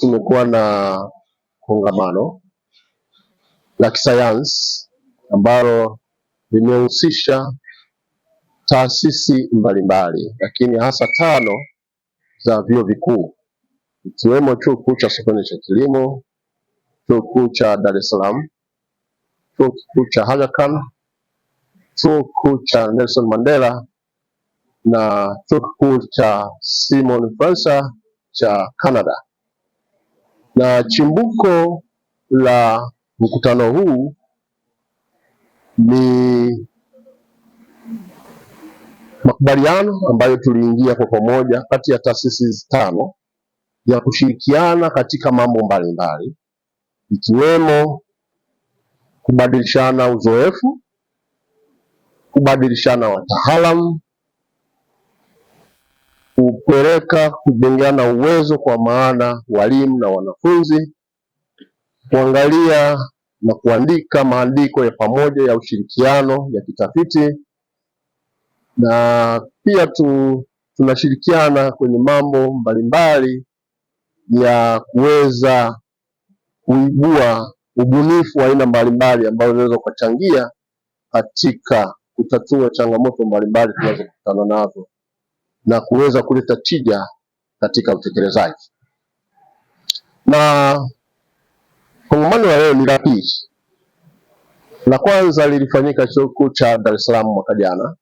tumekuwa na kongamano la kisayansi ambalo limehusisha taasisi mbalimbali, lakini hasa tano za vyuo vikuu ikiwemo chuo kikuu cha Sokoine cha kilimo, chuo kikuu cha Dar es Salaam, chuo kikuu cha Aga Khan, chuo kikuu cha Nelson Mandela na chuo kikuu cha Simon Fraser cha Canada na chimbuko la mkutano huu ni makubaliano ambayo tuliingia kwa pamoja kati ya taasisi tano ya kushirikiana katika mambo mbalimbali ikiwemo kubadilishana uzoefu, kubadilishana wataalamu kupeleka kujengeana uwezo kwa maana walimu na wanafunzi kuangalia na kuandika maandiko ya pamoja ya ushirikiano ya kitafiti, na pia tu, tunashirikiana kwenye mambo mbalimbali ya kuweza kuibua ubunifu wa aina mbalimbali ambayo unaweza ukachangia katika kutatua changamoto mbalimbali tunazokutana nazo na kuweza kuleta tija katika utekelezaji. Na kongamano la leo ni la pili, la kwanza lilifanyika chuo kikuu cha Dar es Salaam mwaka jana,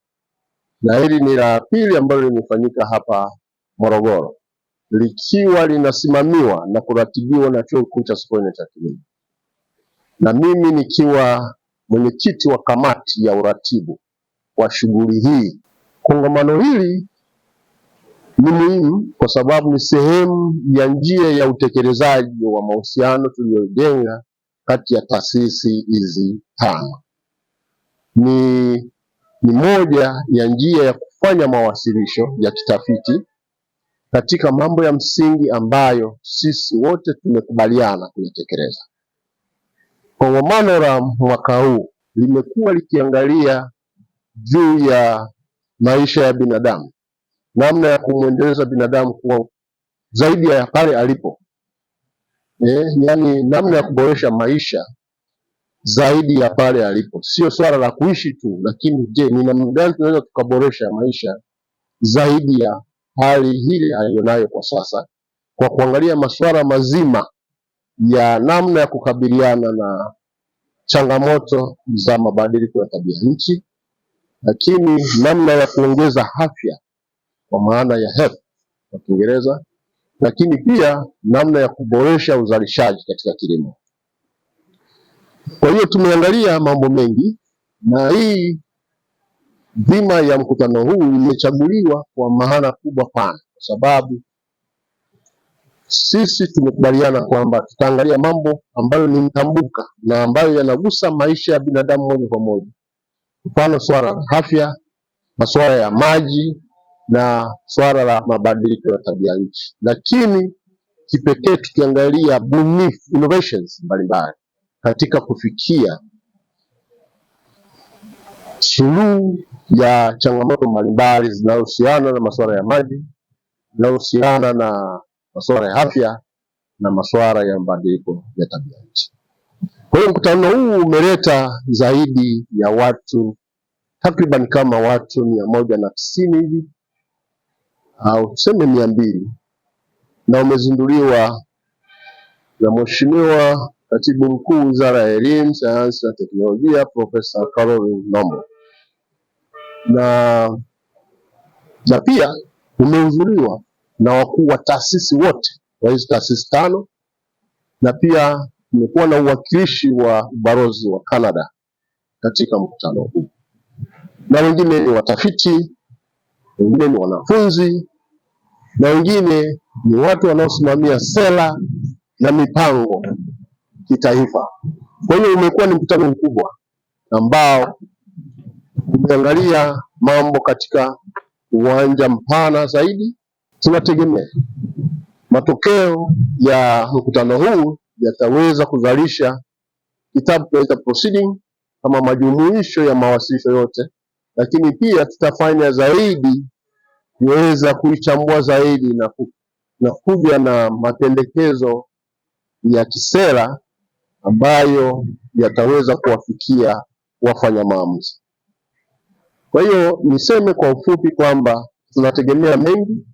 na hili ni la pili ambalo limefanyika hapa Morogoro likiwa linasimamiwa na kuratibiwa na chuo kikuu cha Sokoine cha Kilimo, na mimi nikiwa mwenyekiti wa kamati ya uratibu wa shughuli hii. Kongamano hili ni muhimu kwa sababu ni sehemu ya njia ya utekelezaji wa mahusiano tuliyojenga kati ya taasisi hizi tano. Ni, ni moja ya njia ya kufanya mawasilisho ya kitafiti katika mambo ya msingi ambayo sisi wote tumekubaliana kuyatekeleza. Kongamano la mwaka huu limekuwa likiangalia juu ya maisha ya binadamu namna ya kumwendeleza binadamu kuwa zaidi ya pale alipo eh, yani namna ya kuboresha maisha zaidi ya pale alipo. Sio swala la kuishi tu, lakini je, ni namna gani tunaweza tukaboresha maisha zaidi ya hali hili aliyonayo kwa sasa, kwa kuangalia masuala mazima ya namna ya kukabiliana na changamoto za mabadiliko ya tabia nchi, lakini namna ya kuongeza afya kwa maana ya health kwa Kiingereza, lakini pia namna ya kuboresha uzalishaji katika kilimo. Kwa hiyo tumeangalia mambo mengi, na hii dhima ya mkutano huu imechaguliwa kwa maana kubwa pana, kwa sababu sisi tumekubaliana kwamba tutaangalia mambo ambayo ni mtambuka na ambayo yanagusa maisha ya binadamu moja kwa moja, mfano swala la afya, masuala ya maji na swala la mabadiliko ya tabia nchi, lakini kipekee tukiangalia bunifu innovations mbalimbali katika kufikia suluhu ya changamoto mbalimbali zinazohusiana na masuala ya maji, zinazohusiana na masuala ya afya na masuala ya mabadiliko ya tabia nchi. Kwa hiyo mkutano huu umeleta zaidi ya watu takriban kama watu mia moja na tisini hivi au tuseme mia mbili na umezinduliwa na Mheshimiwa Katibu Mkuu Wizara ya Elimu, Sayansi na Teknolojia, Profesa Caroline Nombo, na na pia umehudhuriwa na wakuu wa taasisi wote wa hizi taasisi tano, na pia umekuwa na uwakilishi wa ubalozi wa Canada katika mkutano huu, na wengine ni watafiti, wengine ni wanafunzi na wengine ni watu wanaosimamia sera na mipango kitaifa. Kwa hiyo umekuwa ni mkutano mkubwa ambao umeangalia mambo katika uwanja mpana zaidi. Tunategemea matokeo ya mkutano huu yataweza kuzalisha kitabu tunaita proceeding kama majumuisho ya mawasilisho yote, lakini pia tutafanya zaidi kuweza kuichambua zaidi na, ku, na kuja na mapendekezo ya kisera ambayo yataweza kuwafikia wafanya maamuzi. Kwa hiyo niseme kwa ufupi kwamba tunategemea mengi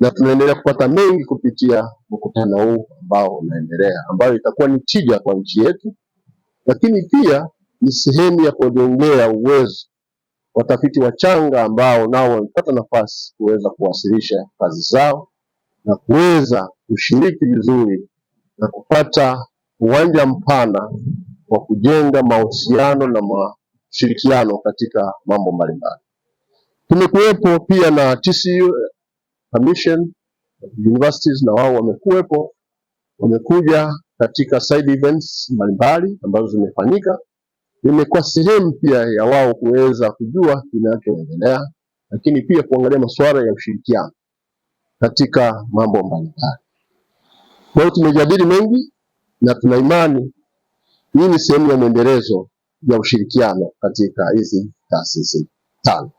na tunaendelea kupata mengi kupitia mkutano huu ambao unaendelea, ambayo itakuwa ni tija kwa nchi yetu, lakini pia ni sehemu ya kujengea uwezo watafiti wachanga ambao nao wamepata nafasi kuweza kuwasilisha kazi zao na kuweza kushiriki vizuri na kupata uwanja mpana wa kujenga mahusiano na mashirikiano katika mambo mbalimbali. Tumekuwepo pia na TCU eh, Commission universities, na wao wamekuwepo, wamekuja katika side events mbalimbali ambazo zimefanyika imekuwa sehemu pia ya wao kuweza kujua kinachoendelea, lakini pia kuangalia masuala ya ushirikiano katika mambo mbalimbali. Kwa hiyo tumejadili mengi na tuna imani hii ni sehemu ya mwendelezo ya ushirikiano katika hizi taasisi tano.